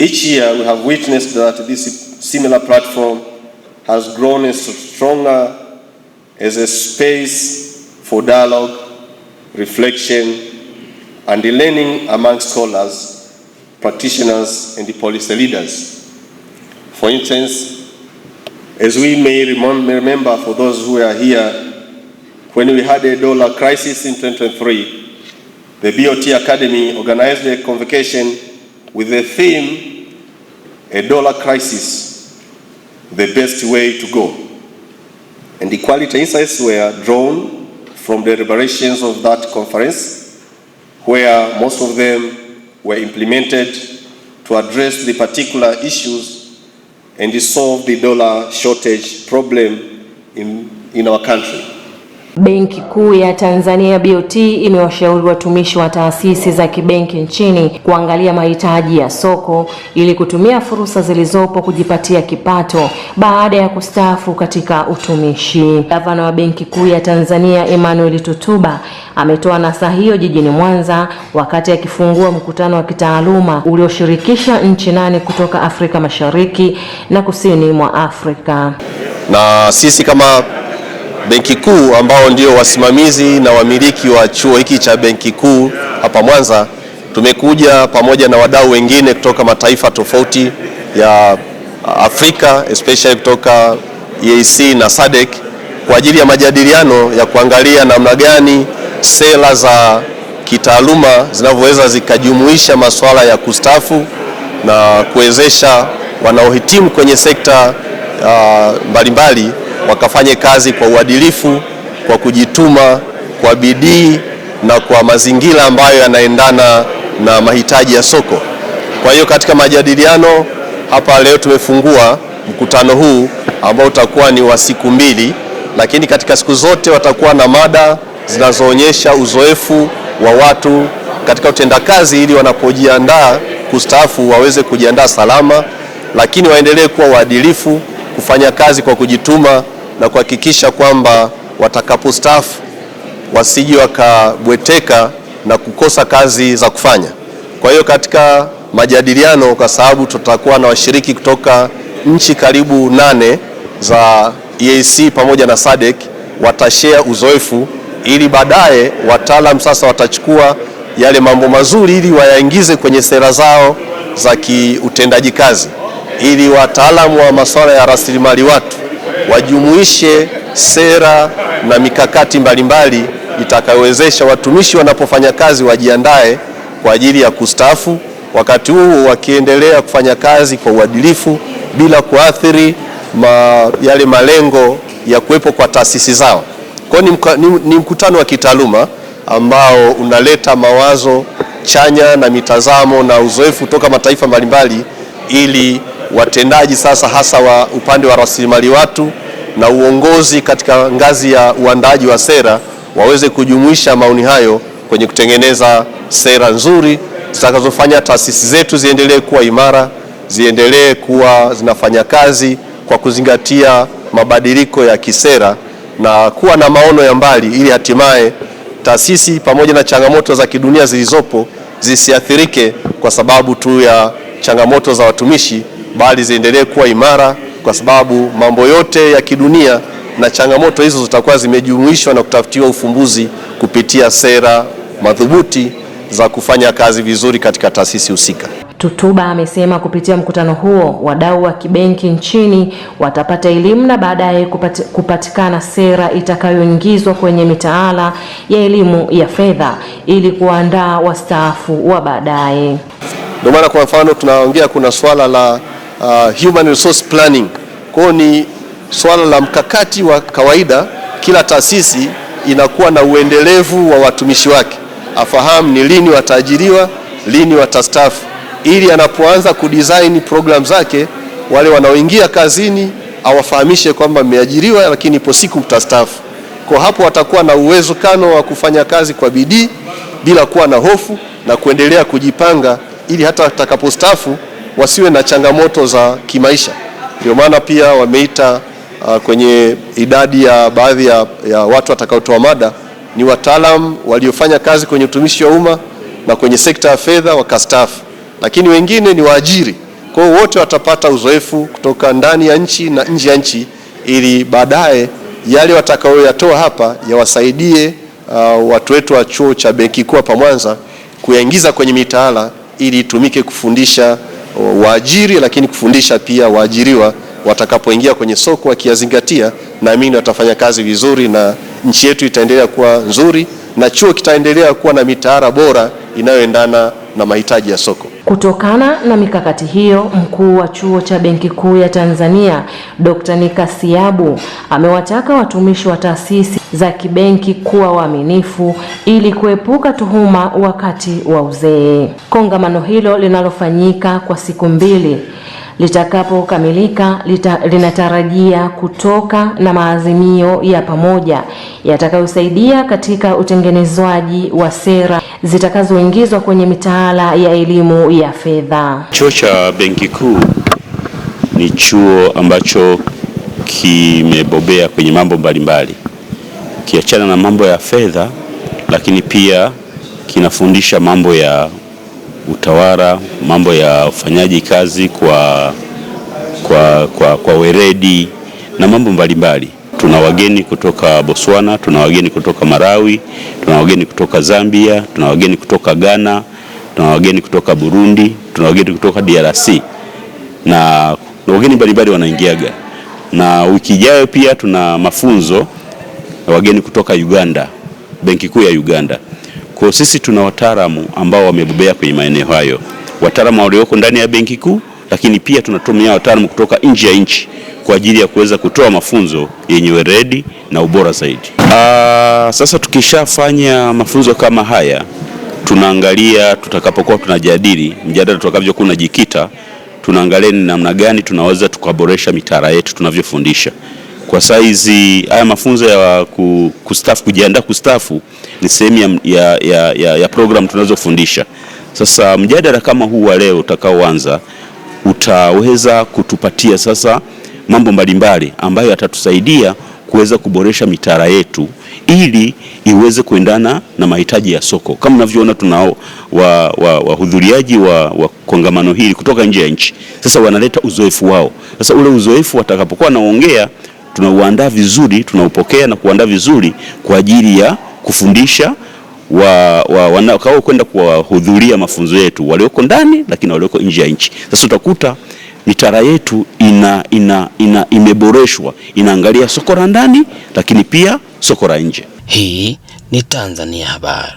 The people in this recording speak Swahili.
Each year we have witnessed that this similar platform has grown stronger as a space for dialogue, reflection, and learning among scholars, practitioners, and policy leaders. For instance, as we may remember for those who are here, when we had a dollar crisis in 2023, the BOT Academy organized a convocation with the theme A Dollar Crisis The Best Way to Go. And equality insights were drawn from the deliberations of that conference, where most of them were implemented to address the particular issues and to solve the dollar shortage problem in, in our country. Benki Kuu ya Tanzania BOT imewashauri watumishi wa taasisi za kibenki nchini kuangalia mahitaji ya soko ili kutumia fursa zilizopo kujipatia kipato baada ya kustaafu katika utumishi. Gavana wa Benki Kuu ya Tanzania Emmanuel Tutuba ametoa nasa hiyo jijini Mwanza wakati akifungua mkutano wa kitaaluma ulioshirikisha nchi nane kutoka Afrika Mashariki na Kusini mwa Afrika. Na sisi kama Benki Kuu ambao ndio wasimamizi na wamiliki wa chuo hiki cha Benki Kuu hapa Mwanza, tumekuja pamoja na wadau wengine kutoka mataifa tofauti ya uh, Afrika especially kutoka EAC na SADC kwa ajili ya majadiliano ya kuangalia namna gani sera za kitaaluma zinavyoweza zikajumuisha masuala ya kustafu na kuwezesha wanaohitimu kwenye sekta uh, mbalimbali wakafanye kazi kwa uadilifu, kwa kujituma, kwa bidii na kwa mazingira ambayo yanaendana na mahitaji ya soko. Kwa hiyo katika majadiliano hapa leo tumefungua mkutano huu ambao utakuwa ni wa siku mbili, lakini katika siku zote watakuwa na mada zinazoonyesha uzoefu wa watu katika utendakazi, ili wanapojiandaa kustaafu waweze kujiandaa salama, lakini waendelee kuwa waadilifu, kufanya kazi kwa kujituma na kuhakikisha kwamba watakapostaafu wasiji wakabweteka na kukosa kazi za kufanya. Kwa hiyo katika majadiliano, kwa sababu tutakuwa na washiriki kutoka nchi karibu nane za EAC pamoja na SADC, watashare uzoefu ili baadaye wataalam sasa watachukua yale mambo mazuri ili wayaingize kwenye sera zao za kiutendaji kazi, ili wataalamu wa masuala ya rasilimali watu wajumuishe sera na mikakati mbalimbali itakayowezesha watumishi wanapofanya kazi wajiandae kwa ajili ya kustaafu, wakati huu wakiendelea kufanya kazi kwa uadilifu bila kuathiri ma, yale malengo ya kuwepo kwa taasisi zao. Kwa ni, ni, ni mkutano wa kitaaluma ambao unaleta mawazo chanya na mitazamo na uzoefu kutoka mataifa mbalimbali ili watendaji sasa hasa wa upande wa rasilimali watu na uongozi katika ngazi ya uandaji wa sera waweze kujumuisha maoni hayo kwenye kutengeneza sera nzuri zitakazofanya taasisi zetu ziendelee kuwa imara, ziendelee kuwa zinafanya kazi kwa kuzingatia mabadiliko ya kisera na kuwa na maono ya mbali, ili hatimaye taasisi pamoja na changamoto za kidunia zilizopo zisiathirike kwa sababu tu ya changamoto za watumishi bali ziendelee kuwa imara, kwa sababu mambo yote ya kidunia na changamoto hizo zitakuwa zimejumuishwa na kutafutiwa ufumbuzi kupitia sera madhubuti za kufanya kazi vizuri katika taasisi husika. Tutuba amesema kupitia mkutano huo wadau wa kibenki nchini watapata elimu na baadaye kupati, kupatikana sera itakayoingizwa kwenye mitaala ya elimu ya fedha ili kuandaa wastaafu wa baadaye. Ndio maana kwa mfano tunaongea, kuna swala la uh, human resource planning. Kwa hiyo ni swala la mkakati wa kawaida, kila taasisi inakuwa na uendelevu wa watumishi wake, afahamu ni lini wataajiriwa, lini watastafu, ili anapoanza kudesign program zake wale wanaoingia kazini awafahamishe kwamba mmeajiriwa, lakini ipo siku mtastaafu. Kwa hapo watakuwa na uwezekano wa kufanya kazi kwa bidii bila kuwa na hofu na kuendelea kujipanga ili hata atakapostaafu wasiwe na changamoto za kimaisha. Ndio maana pia wameita uh, kwenye idadi ya baadhi ya, ya watu watakaotoa mada ni wataalam waliofanya kazi kwenye utumishi wa umma na kwenye sekta ya fedha wakastaafu, lakini wengine ni waajiri. Kwa hiyo wote watapata uzoefu kutoka ndani ya nchi na nje ya nchi, ili baadaye yale watakayoyatoa hapa yawasaidie uh, watu wetu wa chuo cha Benki Kuu hapa Mwanza kuyaingiza kwenye mitaala ili itumike kufundisha waajiri, lakini kufundisha pia waajiriwa watakapoingia kwenye soko wakiyazingatia, naamini watafanya kazi vizuri na nchi yetu itaendelea kuwa nzuri na chuo kitaendelea kuwa na mitaala bora inayoendana na mahitaji ya soko. Kutokana na mikakati hiyo, mkuu wa chuo cha Benki Kuu ya Tanzania Dr. Nika Siabu amewataka watumishi wa taasisi za kibenki kuwa waaminifu ili kuepuka tuhuma wakati wa uzee. Kongamano hilo linalofanyika kwa siku mbili litakapokamilika lita, linatarajia kutoka na maazimio ya pamoja yatakayosaidia katika utengenezwaji wa sera zitakazoingizwa kwenye mitaala ya elimu ya fedha. Chuo cha Benki Kuu ni chuo ambacho kimebobea kwenye mambo mbalimbali kiachana na mambo ya fedha, lakini pia kinafundisha mambo ya utawala, mambo ya ufanyaji kazi kwa, kwa, kwa, kwa weredi na mambo mbalimbali. Tuna wageni kutoka Botswana, tuna wageni kutoka Malawi, tuna wageni kutoka Zambia, tuna wageni kutoka Ghana, tuna wageni kutoka Burundi, tuna wageni kutoka DRC na wageni mbalimbali wanaingiaga. Na wiki ijayo pia tuna mafunzo na wageni kutoka Uganda, Benki Kuu ya Uganda. Kwa sisi tuna wataalamu ambao wamebobea kwenye maeneo hayo, wataalamu walioko ndani ya Benki Kuu lakini pia tunatumia wataalamu kutoka nje ya nchi kwa ajili ya kuweza kutoa mafunzo yenye weredi na ubora zaidi. Aa, ah, sasa tukishafanya mafunzo kama haya tunaangalia tutakapokuwa tunajadili mjadala tutakavyokuwa unajikita, tunaangalia ni namna gani tunaweza tukaboresha mitaala yetu tunavyofundisha. Kwa saizi haya mafunzo ya kustafu, kujiandaa kustafu ni sehemu ya, ya, ya, ya program tunazofundisha. Sasa mjadala kama huu wa leo utakaoanza utaweza kutupatia sasa mambo mbalimbali ambayo yatatusaidia kuweza kuboresha mitara yetu ili iweze kuendana na mahitaji ya soko. Kama mnavyoona tunao wahudhuriaji wa, wa, wa, wa kongamano hili kutoka nje ya nchi, sasa wanaleta uzoefu wao. Sasa ule uzoefu watakapokuwa naongea, tunauandaa vizuri, tunaupokea na kuandaa vizuri kwa ajili ya kufundisha wa, wa, wanakao kwenda kuwahudhuria mafunzo yetu walioko ndani, lakini walioko nje ya nchi. Sasa utakuta mitara yetu ina, ina, ina imeboreshwa inaangalia soko la ndani, lakini pia soko la nje. Hii ni Tanzania Habari.